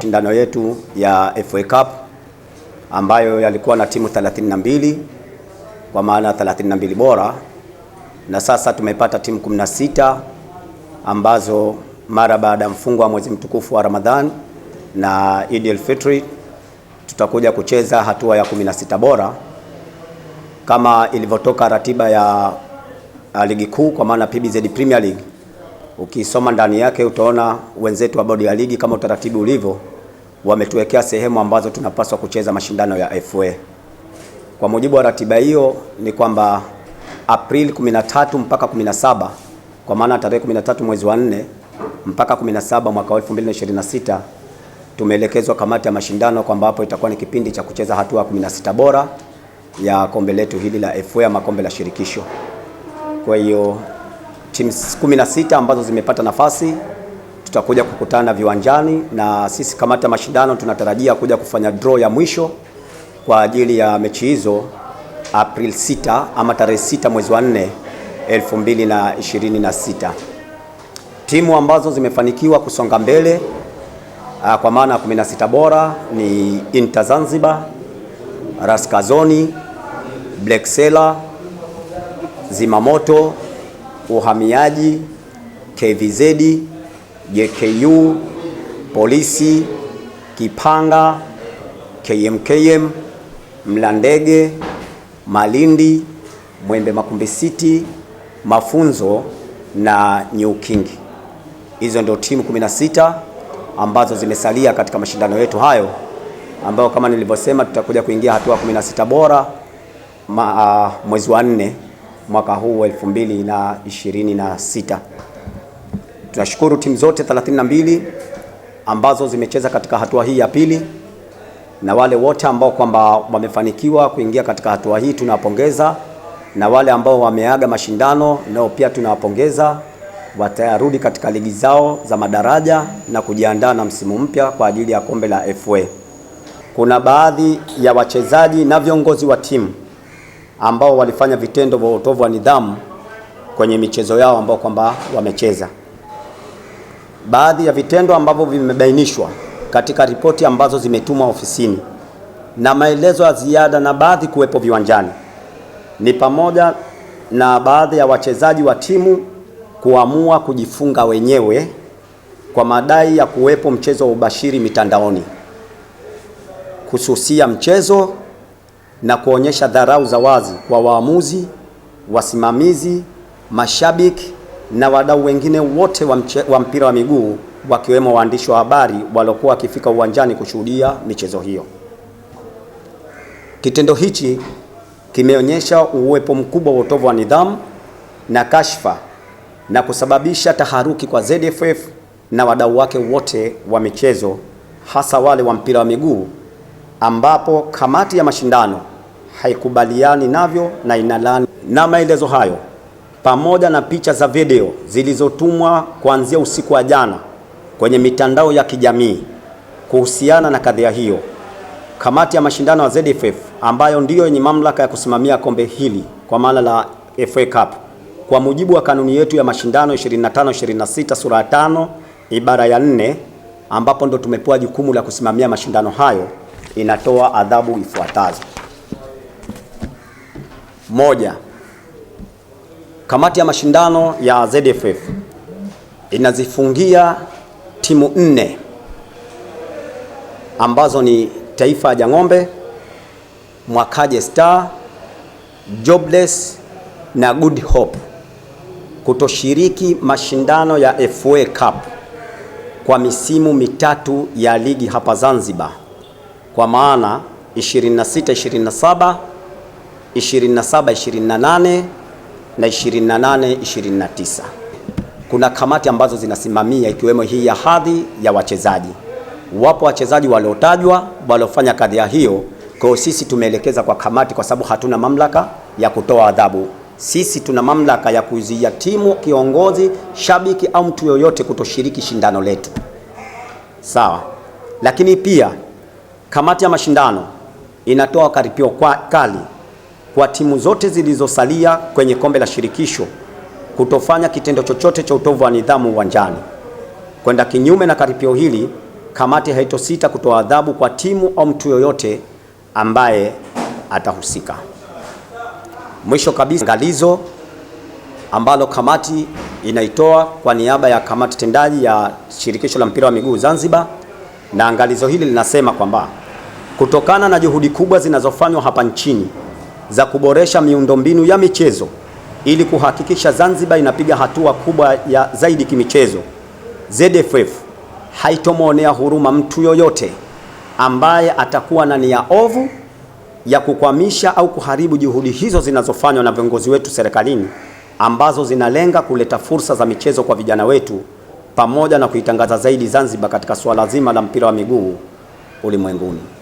Shindano yetu ya FA Cup ambayo yalikuwa na timu 32 kwa maana 32 bora, na sasa tumepata timu 16 ambazo mara baada ya mfungo wa mwezi mtukufu wa Ramadhan na Eid al tutakuja kucheza hatua ya 16 bora kama ilivyotoka ratiba ya ligi kuu kwa maana PBZ Premier League. Ukisoma ndani yake utaona wenzetu wa bodi ya ligi kama utaratibu ulivyo, wametuwekea sehemu ambazo tunapaswa kucheza mashindano ya FA. Kwa mujibu wa ratiba hiyo ni kwamba Aprili 13 mpaka 17, kwa maana tarehe 13 mwezi wa 4 mpaka 17 mwaka 2026 tumeelekezwa kamati ya mashindano kwamba hapo itakuwa ni kipindi cha kucheza hatua 16 bora ya kombe letu hili la FA ama kombe la shirikisho. Kwa hiyo timu 16 ambazo zimepata nafasi tutakuja kukutana viwanjani, na sisi kamati ya mashindano tunatarajia kuja kufanya draw ya mwisho kwa ajili ya mechi hizo April 6 ama tarehe 6 mwezi wa 4 2026. Timu ambazo zimefanikiwa kusonga mbele ah, kwa maana ya 16 bora ni Inter Zanzibar, Raskazoni, Black Sela, Zimamoto uhamiaji, KVZ, JKU, polisi, Kipanga, KMKM, Mlandege, Malindi, Mwembe Makumbi City, mafunzo na New King. Hizo ndio timu 16 ambazo zimesalia katika mashindano yetu hayo ambayo kama nilivyosema tutakuja kuingia hatua 16 bora ma, uh, mwezi wa nne mwaka huu 2026. Tunashukuru timu zote 32 ambazo zimecheza katika hatua hii ya pili na wale wote ambao kwamba wamefanikiwa kuingia katika hatua hii tunawapongeza, na wale ambao wameaga mashindano nao pia tunawapongeza. Watarudi katika ligi zao za madaraja na kujiandaa na msimu mpya kwa ajili ya kombe la FA. Kuna baadhi ya wachezaji na viongozi wa timu ambao walifanya vitendo vya utovu wa nidhamu kwenye michezo yao ambao kwamba wamecheza. Baadhi ya vitendo ambavyo vimebainishwa katika ripoti ambazo zimetumwa ofisini na maelezo ya ziada na baadhi kuwepo viwanjani ni pamoja na baadhi ya wachezaji wa timu kuamua kujifunga wenyewe kwa madai ya kuwepo mchezo wa ubashiri mitandaoni, kususia mchezo na kuonyesha dharau za wazi kwa waamuzi, wasimamizi, mashabiki na wadau wengine wote wa, mche, wa mpira wa miguu wakiwemo waandishi wa habari waliokuwa wakifika uwanjani kushuhudia michezo hiyo. Kitendo hichi kimeonyesha uwepo mkubwa wa utovu wa nidhamu na kashfa na kusababisha taharuki kwa ZFF na wadau wake wote wa michezo hasa wale wa mpira wa miguu ambapo kamati ya mashindano haikubaliani navyo na inalani. Na maelezo hayo pamoja na picha za video zilizotumwa kuanzia usiku wa jana kwenye mitandao ya kijamii kuhusiana na kadhia hiyo, kamati ya mashindano ya ZFF ambayo ndiyo yenye mamlaka ya kusimamia kombe hili kwa maana la FA Cup kwa mujibu wa kanuni yetu ya mashindano 25 26 sura ya 5 ibara ya 4 ambapo ndo tumepewa jukumu la kusimamia mashindano hayo inatoa adhabu ifuatazo: moja, kamati ya mashindano ya ZFF inazifungia timu nne ambazo ni Taifa ya Jang'ombe, Mwakaje Star, Jobless na Good Hope kutoshiriki mashindano ya FA Cup kwa misimu mitatu ya ligi hapa Zanzibar kwa maana 26, 27, 27, 28 na 28, 29. Kuna kamati ambazo zinasimamia ikiwemo hii ya hadhi ya wachezaji. Wapo wachezaji waliotajwa waliofanya kadhia hiyo. Kwa sisi tumeelekeza kwa kamati, kwa sababu hatuna mamlaka ya kutoa adhabu. Sisi tuna mamlaka ya kuzuia timu, kiongozi, shabiki au mtu yoyote kutoshiriki shindano letu, sawa. Lakini pia Kamati ya mashindano inatoa karipio kwa kali kwa timu zote zilizosalia kwenye kombe la shirikisho kutofanya kitendo chochote cha utovu wa nidhamu uwanjani. Kwenda kinyume na karipio hili, kamati haitosita kutoa adhabu kwa timu au mtu yoyote ambaye atahusika. Mwisho kabisa, angalizo ambalo kamati inaitoa kwa niaba ya kamati tendaji ya shirikisho la mpira wa miguu Zanzibar, na angalizo hili linasema kwamba Kutokana na juhudi kubwa zinazofanywa hapa nchini za kuboresha miundombinu ya michezo ili kuhakikisha Zanzibar inapiga hatua kubwa ya zaidi kimichezo, ZFF haitomwonea huruma mtu yoyote ambaye atakuwa na nia ovu ya kukwamisha au kuharibu juhudi hizo zinazofanywa na viongozi wetu serikalini ambazo zinalenga kuleta fursa za michezo kwa vijana wetu pamoja na kuitangaza zaidi Zanzibar katika suala zima la mpira wa miguu ulimwenguni.